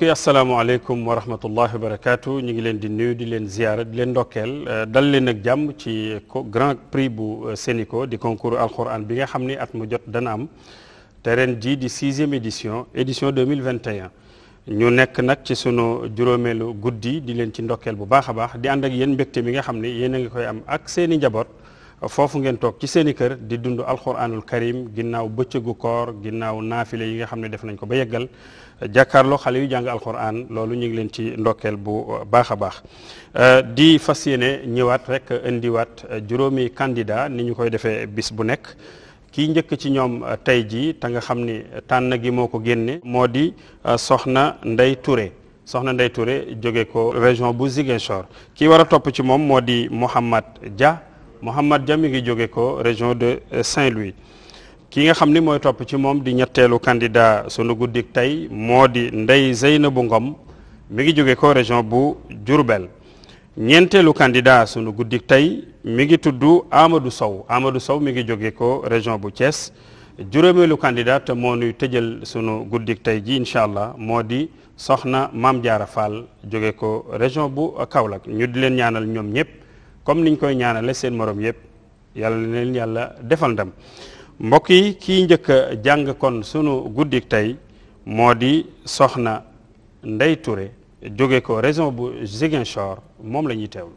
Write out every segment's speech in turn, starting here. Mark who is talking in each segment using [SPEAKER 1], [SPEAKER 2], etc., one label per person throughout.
[SPEAKER 1] mbokk yi asalaamaaleykum wa rahmatullahi wa barakaatu ñu ngi leen di nuyu di leen ziyaara di leen ndokkeel euh, dal leen ak jàmm ci grand prix bu euh, Sénico di concours alquran bi nga xam ni at mu jot dana am te ren jii di sixième édition édition 2021 ñu nekk nag ci sunu juróomeelu guddi di leen ci ndokkeel bu baax a baax di ànd ak yéen mbégte mi nga xam ni yéen a ngi koy am ak seeni njaboot foofu ngeen toog ci seen i kër di dund alxuraanul karim ginnaaw bëccëgu koor ginnaaw naafile yi nga xam ne def nañ ko ba yeggal jàkkaarloo xale yu jàng alxuraan loolu ñu ngi leen ci ndokkeel bu baax a baax euh, di fas yéene ñëwaat rek indiwaat juróomi candidat ni ñu koy defee bis bu nekk kii njëkk ci ñoom euh, tey jii ta nga xam ni tànn gi moo ko génne moo di euh, soxna Ndey Touré soxna Ndey Touré jóge ko région bu Ziguinchor kii war a topp ci moom moo di Mouhamad Dia Mouhamad Dia mi ngi jóge ko région de Saint-Louis ki nga xam ni mooy topp ci moom di ñetteelu candidat sunu guddik tey moo di Ndeye bu Ngom mi ngi jóge ko région bu Diourbel ñeenteelu candidat sunu guddik tey mi ngi tudd Amadou Sow Amadou Sow mi ngi jóge ko région bu Thiès juróomeelu candidat te moo nuy tëjal sunu guddik tey ji incha allah moo di soxna Maam Jaara Fall jóge ko région bu Kaolack ñu di leen ñaanal ñoom ñëpp comme niñ koy ñaanale seen morom yëpp yàlla na yàlla defal ndam mbokk yi kii njëkk a jàng kon sunu guddik tey moo di soxna Ndey Touré jóge ko région bu Ziguinchor moom la ñuy teewlu.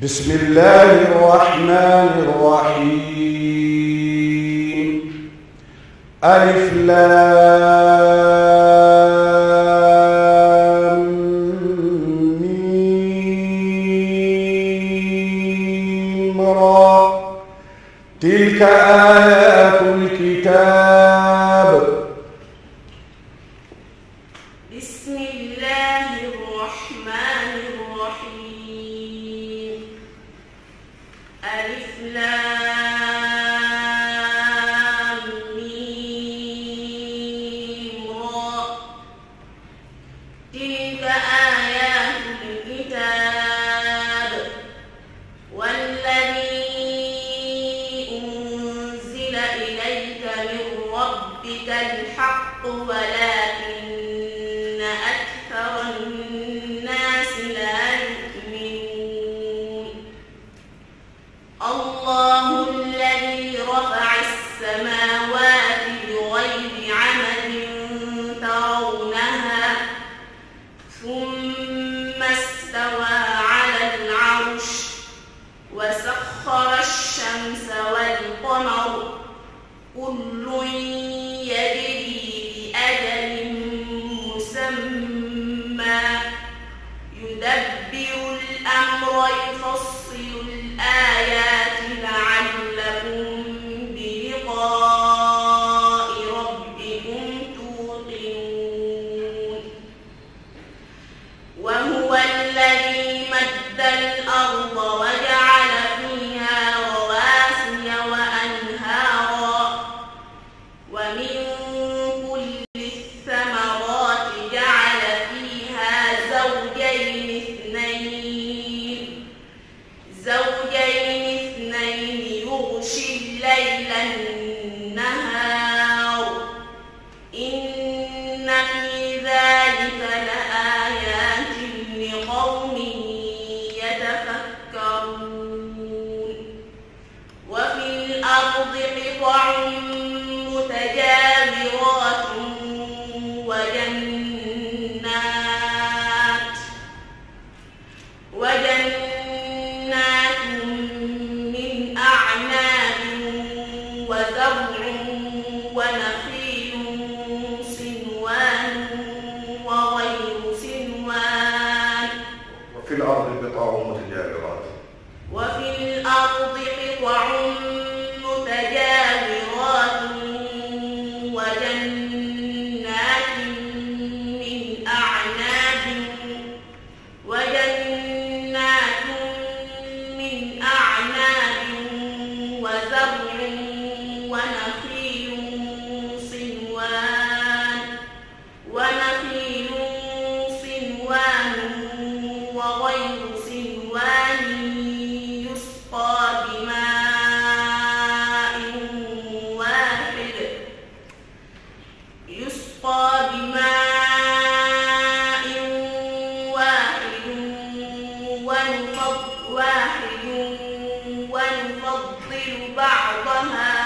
[SPEAKER 1] bismillahi
[SPEAKER 2] rahmani
[SPEAKER 3] rahim Yeah.
[SPEAKER 4] يبطل بعضها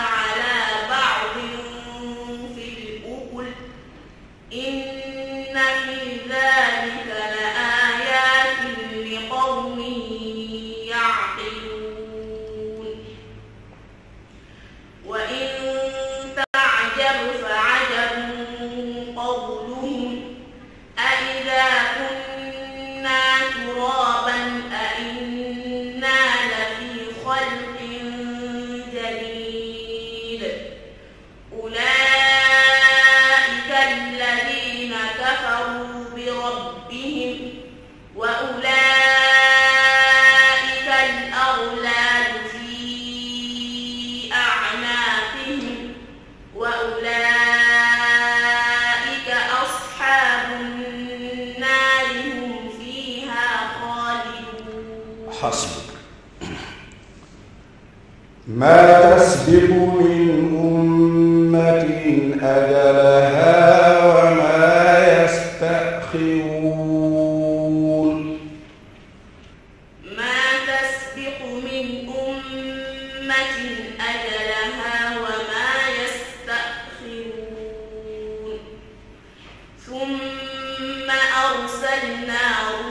[SPEAKER 4] ثم أرسلنا رسلا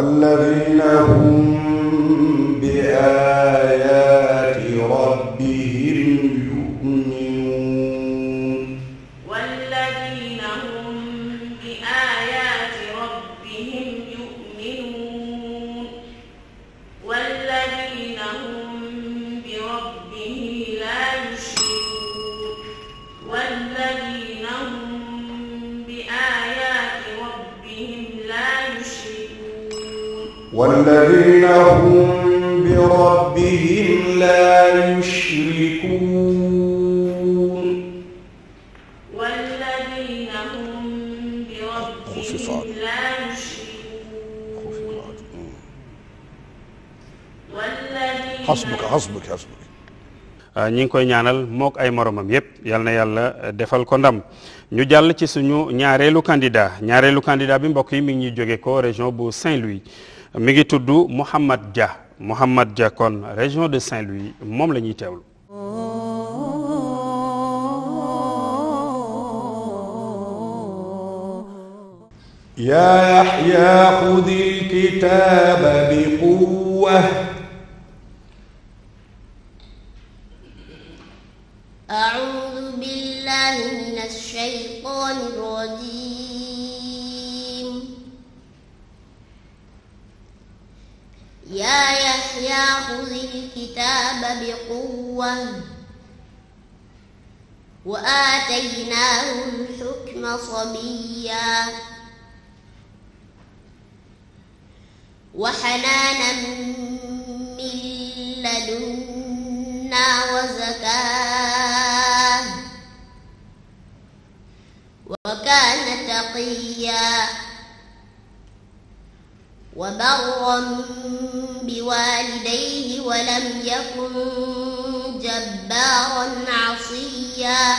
[SPEAKER 3] والذين هم والذين هم بربهم لا يشركون
[SPEAKER 4] والذين هم بربهم لا يشركون
[SPEAKER 1] حسبك حسبك حسبك ñi ngi koy ñaanal mook ay moromam yépp yal na yàlla defal ko ndam ñu jàll ci suñu ñaareelu candidat ñaareelu candidat bi mbokk yi mi ngi ñuy jóge ko région bu Saint-Louis mi Mohamed Ja, Mouhamad Dia kon région de Saint-Louis mom la ñuy Ya yaa Yaxya xudil kitaaba bi quwwa.
[SPEAKER 5] Acuudu billaahi يا يحيى خذ الكتاب بقوة وآتيناه الحكم صبيا
[SPEAKER 1] وحنانا
[SPEAKER 5] من لدنا وزكاة وكان تقيا وبرا بوالديه ولم يكن جبارا عصيا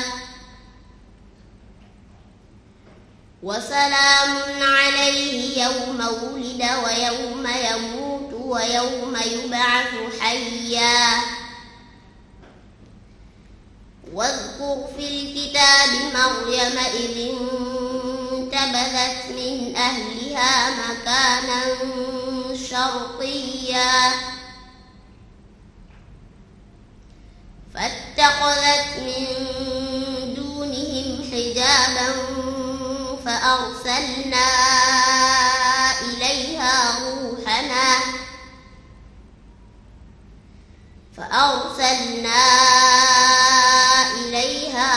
[SPEAKER 5] وسلام عليه يوم ولد ويوم يموت ويوم يبعث حيا واذكر في الكتاب مريم إذ انتبذت من أهلها مكانا شرقيا فاتخذت من دونهم حجابا فأرسلنا إليها روحنا فأرسلنا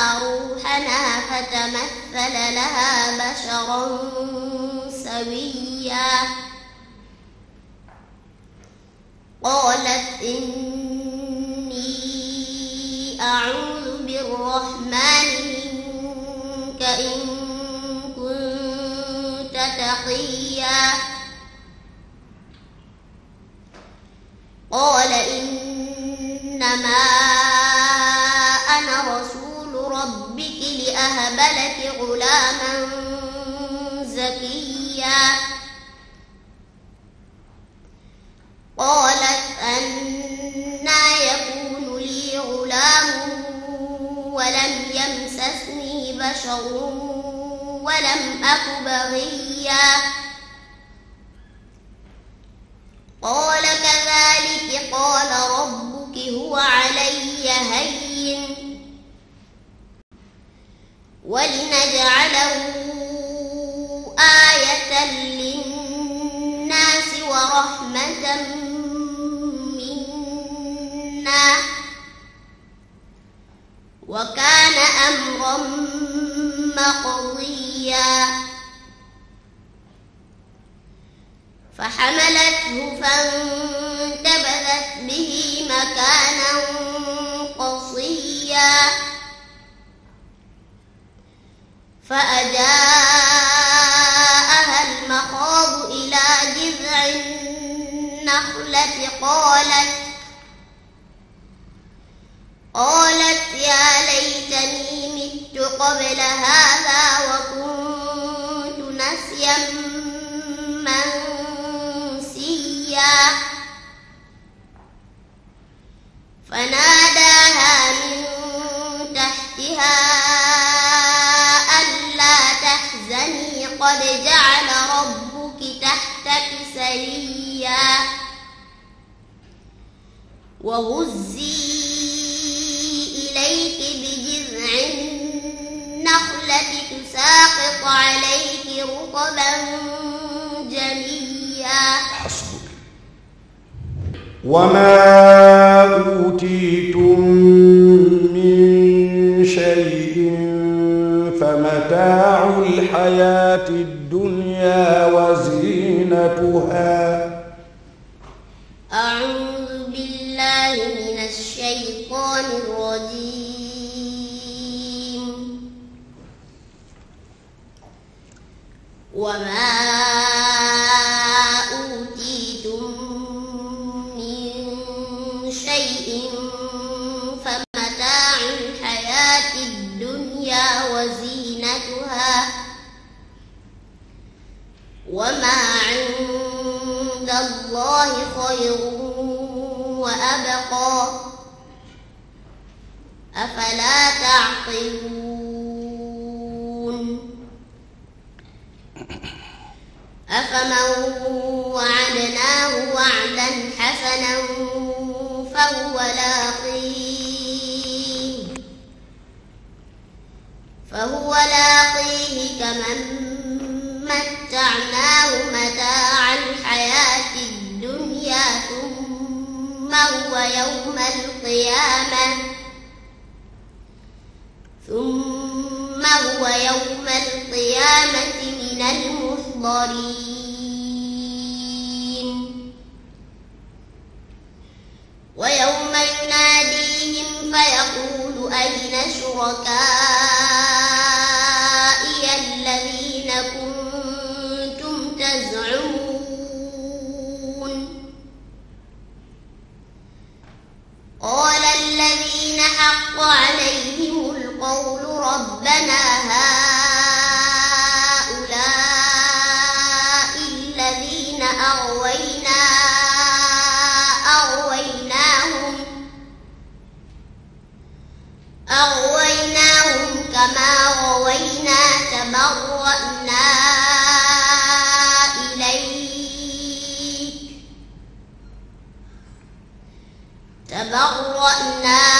[SPEAKER 5] روحنا فتمثل لها بشرا سويا قالت إني أعوذ بالرحمن منك إن كنت تقيا قال إنما قالت أنا يكون لي غلام ولم يمسسني بشر ولم أك بغيا قال كذلك قال ربك هو علي هين ولنجعله آية للناس ورحمة منا وكان أمرا مقضيا فحملته فانتبذت به مكانا قصيا فأجاءها المخاض إلى جذع النخلة قالت قالت يا ليتني مت قبل هذا وكنت نسيا منسيا فناداها من تحتها ألا تحزني قد جعل ربك تحتك سريا وهزي وأساقط عليك رطبا جليا حسبك
[SPEAKER 3] وما أوتيتم من
[SPEAKER 1] شيء
[SPEAKER 3] فمتاع
[SPEAKER 1] الحياة الدنيا وزينتها
[SPEAKER 5] أعوذ بالله من الشيطان الرجيم وما أوتيتم
[SPEAKER 2] من شيء
[SPEAKER 5] فمتاع
[SPEAKER 2] الحياة
[SPEAKER 5] الدنيا وزينتها وما عند الله خير وأبقى أفلا تعقلون أفمن وعدناه وعدا حسنا فهو لاقيه فهو لاقيه كمن متعناه متاع الحياة الدنيا ثم هو يوم القيامة ثم هو يوم القيامة من المؤمنين ضالين ويوم يناديهم فيقول أين شركائي الذين كنتم تزعمون قال الذين حق عليهم القول ربنا هذا فغويناهم كما غوينا تبرأنا إليك تبرأنا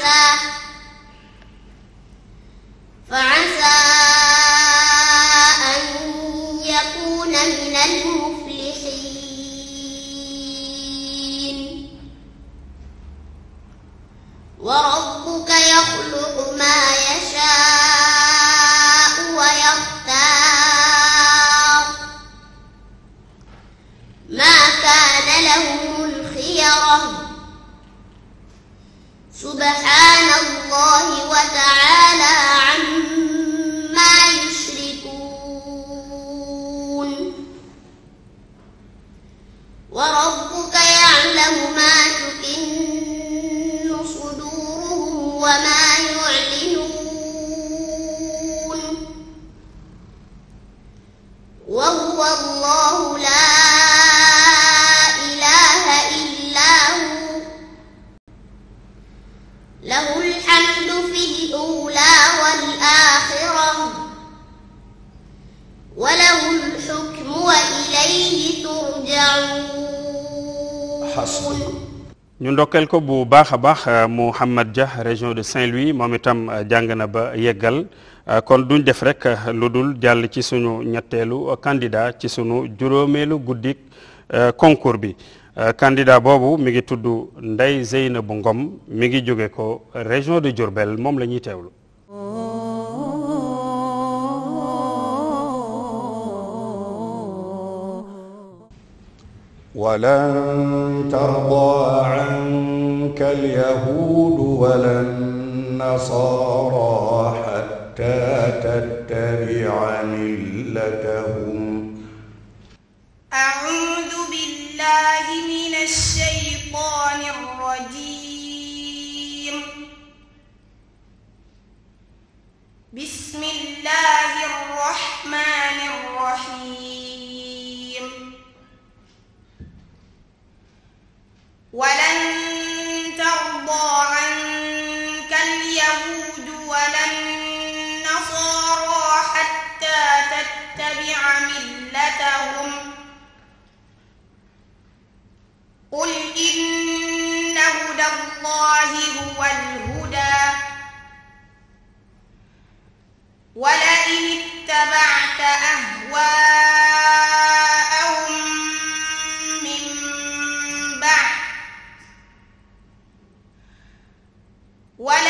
[SPEAKER 5] فعسى فعسى
[SPEAKER 1] ndokkeel ko bu baax a baax euh, Mouhamad ja région de Saint-Louis moom itam euh, jàng na ba yeggal euh, kon duñ def rek lu dul jàll ci suñu ñetteelu candidat ci suñu juróomeelu guddik concours bi candidat boobu mi ngi tudd ndey Ndeye bu Ngom mi ngi jóge ko région de Diourbel moom la ñuy teewlu
[SPEAKER 3] ولن ترضى عنك اليهود ولا النصارى حتى تتبع
[SPEAKER 1] ملتهم
[SPEAKER 3] أعوذ
[SPEAKER 6] بالله من الشيطان الرجيم بسم الله الرحمن الرحيم ولن ترضى عنك اليهود ولا النصارى حتى تتبع ملتهم قل إن هدى الله هو الهدى ولئن اتبعت أهواءهم ¡Wala!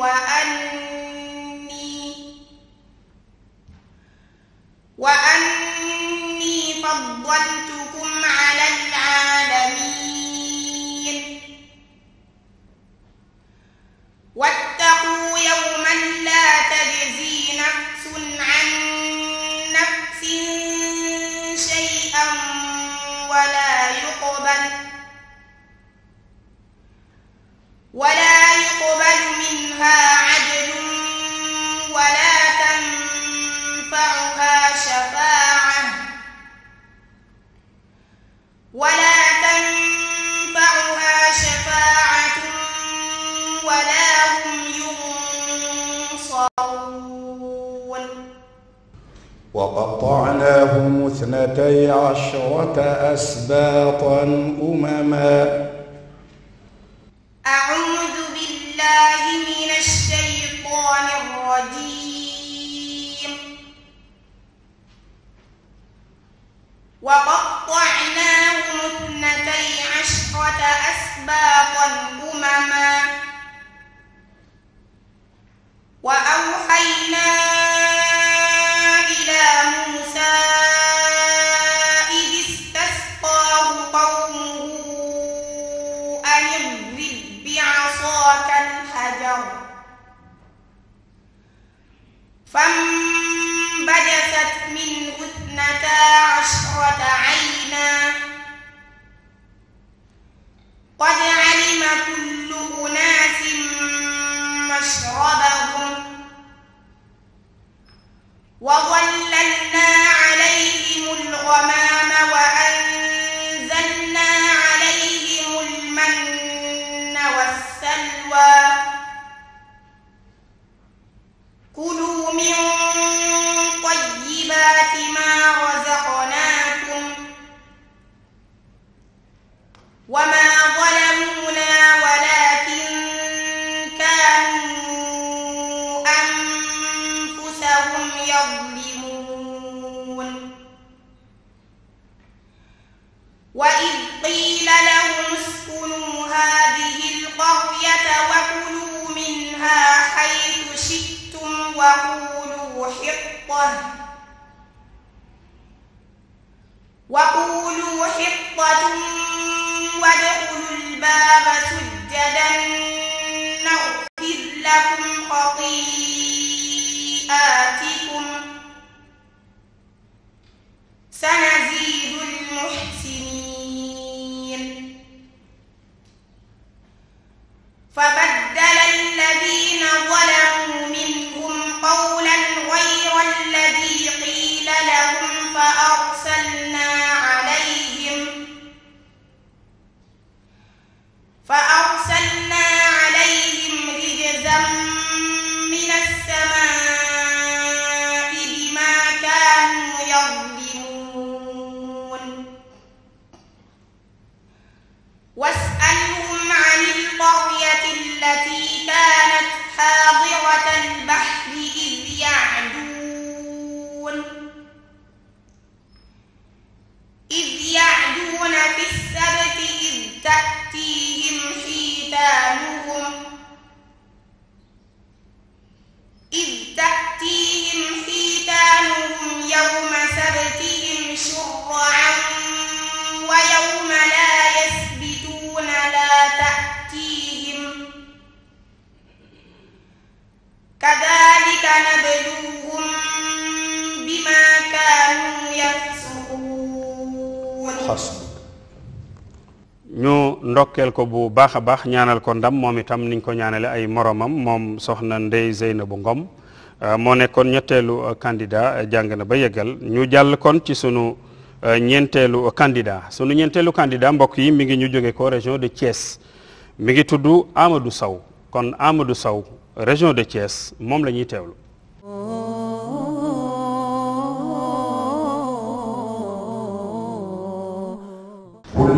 [SPEAKER 6] وأن فانبجست منه اثنتا عشرة عين
[SPEAKER 1] ñu ndokkeel ko bu baax a baax ñaanal ko ndam moom itam niñ ko ñaanale ay moromam moom soxna Ndey bu Ngom euh, moo nekkoon ñetteelu euh, candidat euh, jàng na ba yeggal ñu jàll kon ci sunu ñeenteelu candidat sunu ñeenteelu candidat mbokk yi mi ngi ñu jóge ko région de Thiès mi ngi tudd Amadou saw kon Amadou Sow région de Thiès moom la ñuy teewlu. Oh.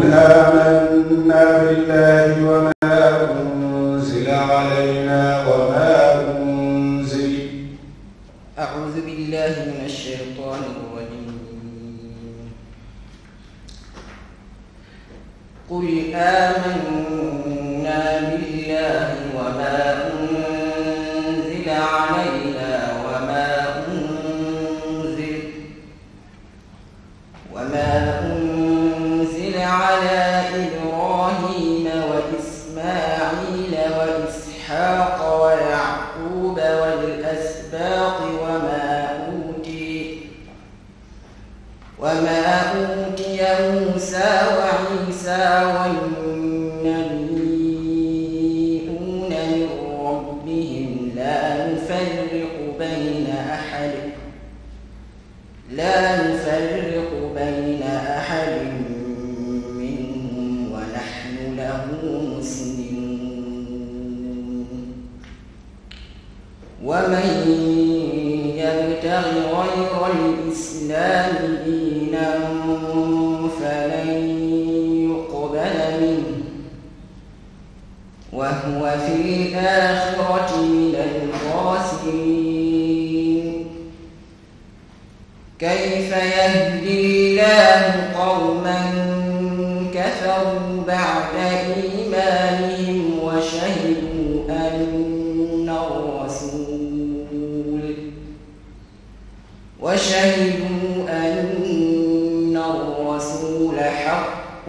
[SPEAKER 3] قل آمنا بالله وما أنزل علينا وما أنزل أعوذ بالله من الشيطان الرجيم قل آمنا بالله وما أنزل علينا على إبراهيم وإسماعيل وإسحاق ويعقوب والأسباط وما أوتي وما أوتي موسى وعيسى والنبيون من ربهم لا نفرق بين أحد لا نفرق وفي الآخرة من الخاسرين كيف يهدي الله قوما كفروا بعد إيمانهم وشهدوا أن الرسول وشهدوا أن الرسول حق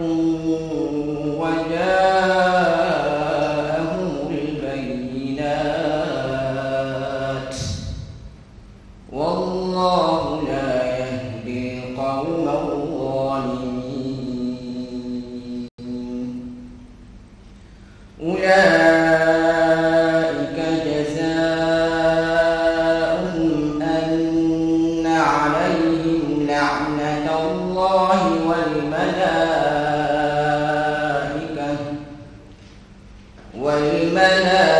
[SPEAKER 3] والمنام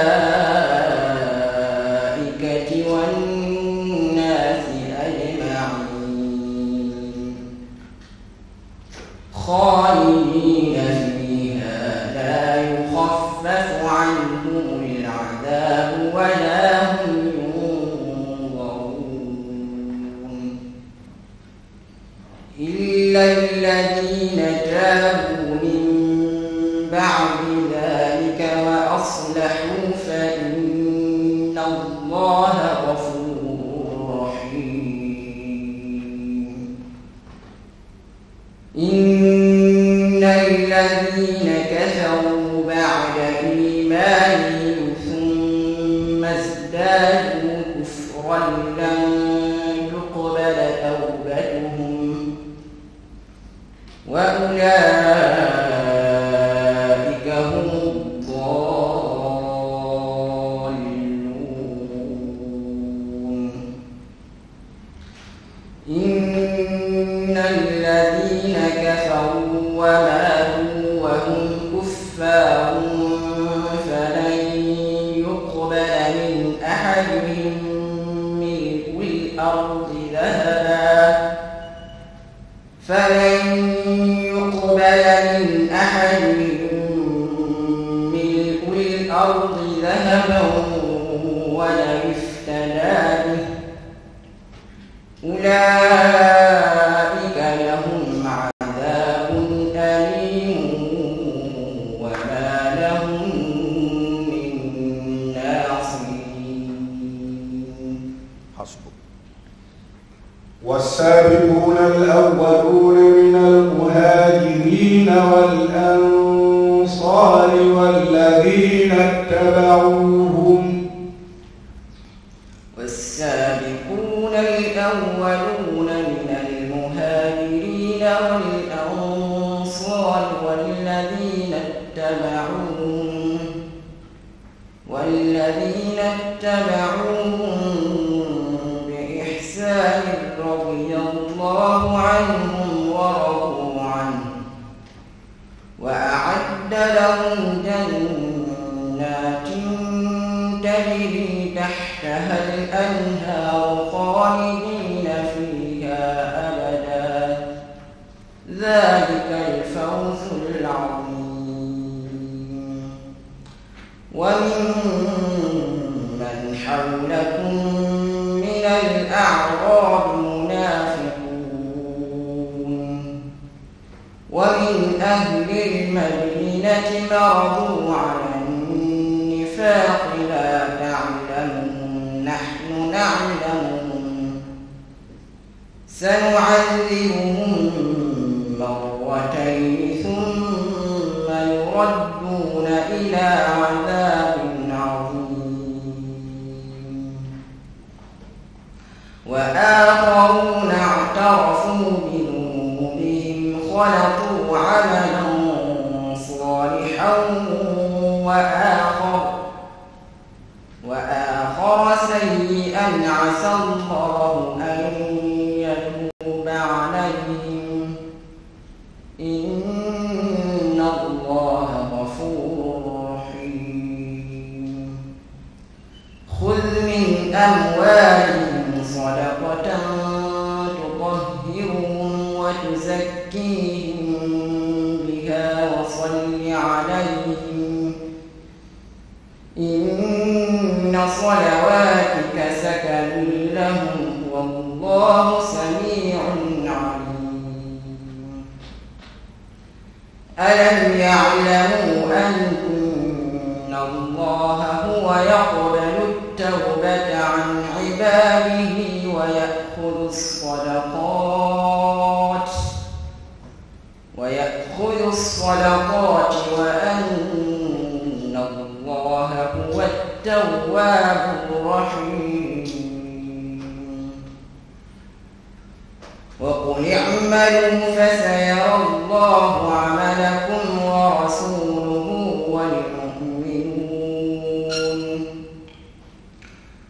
[SPEAKER 3] فلا وممن حولكم من الأعراب منافقون
[SPEAKER 1] ومن أهل
[SPEAKER 3] المدينة مرضوا على النفاق لا نعلمهم نحن نعلمهم سنعذبهم مرتين ثم يردون إلى عذاب وَلَقُوا عَمَلًا صَالِحًا وَآخَرَ, وآخر سَيِّئًا عَسَى ألم يعلموا أن الله هو يقبل التوبة عن عباده ويأخذ الصدقات ويأخذ الصدقات وأن الله هو التواب الرحيم وقل اعملوا فسيرى الله عملا لكم ورسوله والمؤمنون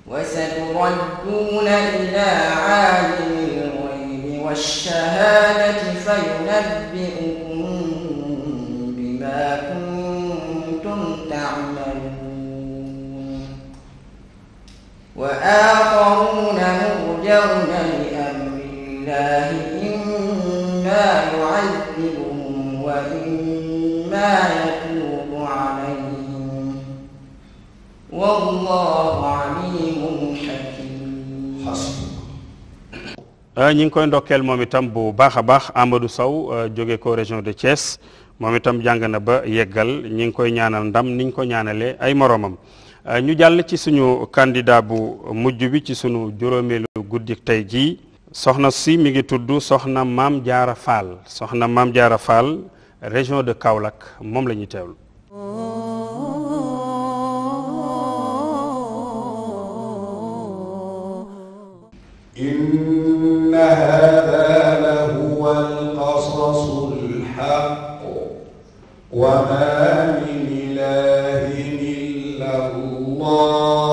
[SPEAKER 3] وستردون إلى عالم الغيب والشهادة فينبئكم بما كنتم تعملون وآخرون مرجون لأمر الله إما يعذبون وإما يتوب عليهم والله عليم حكيم حسبك
[SPEAKER 1] ñi ngi koy ndokkeel moom itam bu baax a baax Amadou Sow jóge ko région de Thiès moom itam jàng na ba yeggal ñi ngi koy ñaanal ndam niñ ko ñaanalee ay moroomam ñu jàll ci suñu candidat bu mujj bi ci suñu juróomeelu guddi tey jii soxna si mi ngi tudd soxna maam jaara faal soxna maam jaara faal région de Kaolack moom la ñuy
[SPEAKER 3] إن هذا لهو القصص الحق وما من إله إلا الله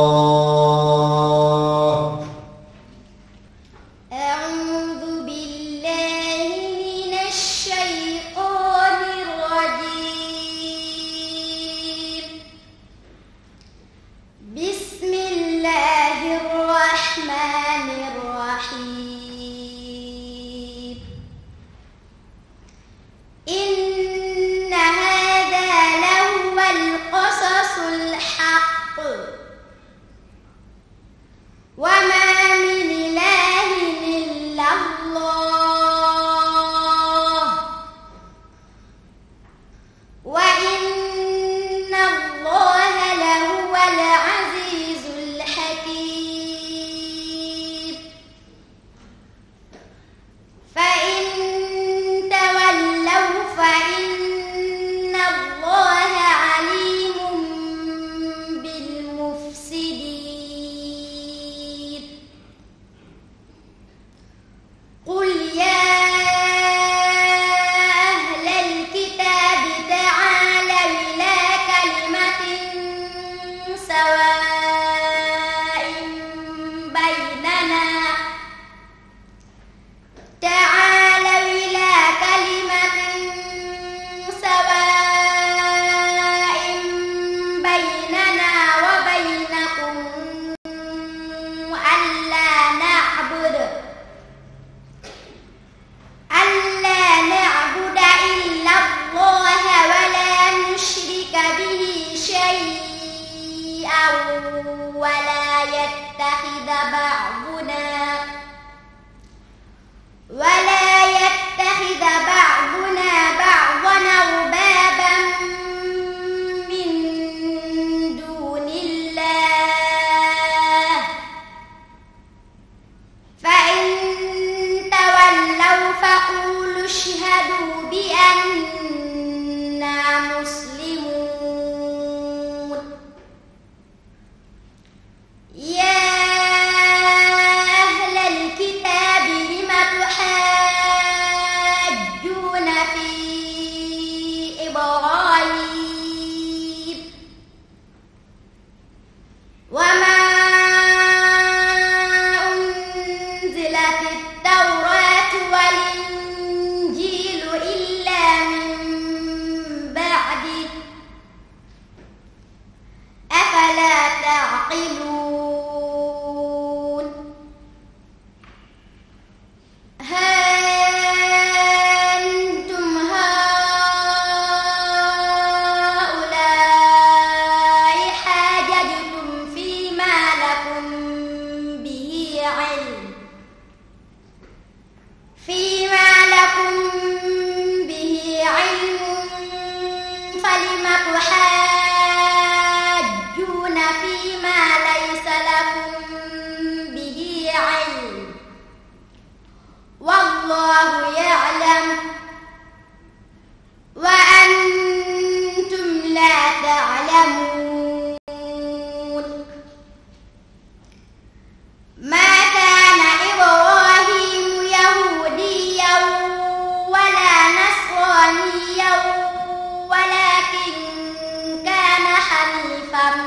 [SPEAKER 2] عبدا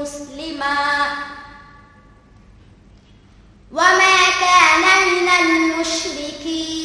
[SPEAKER 2] مسلما وما كان من المشركين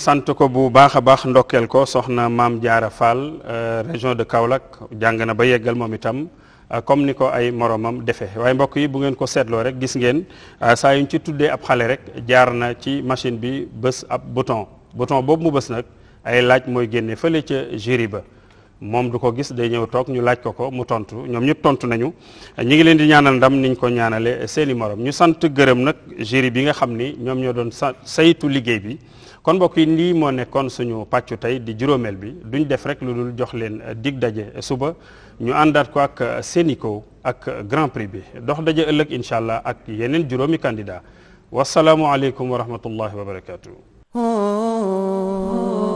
[SPEAKER 1] sant ko bu baax a baax ndokkeel ko soxna maam Fall euh, région de Kaolack jàng na ba yeggal moom euh, comme ni ko ay moromam defee waaye mbokk yi bu ngeen ko seetloo rek gis ngeen euh, saa yuñ ci tuddee ab xale rek jaar na ci machine bi bës ab bouton bouton boobu mu bës nag ay laaj mooy génne fële ca jury ba moom du ko gis day ñëw toog ñu laaj ko ko mu tontu ñoom ñëpp tontu nañu ñi ngi leen di ñaanal ndam niñ ko ñaanale seeni morom ñu sant gërëm nag jury bi nga xam ni ñoom doon saytu liggéey bi kon mbokk yi lii moo nekkoon suñu pàccu tey di juróomeel bi duñ def rek lu dul jox leen eh, dig daje suba ñu àndaat ko ak eh, Sénico ak Grand Prix bi dox daje ëllëg incha allah ak yeneen juróomi candidat wasalaamualeykum wa rahmatullahi wa barakaatu.
[SPEAKER 2] Oh.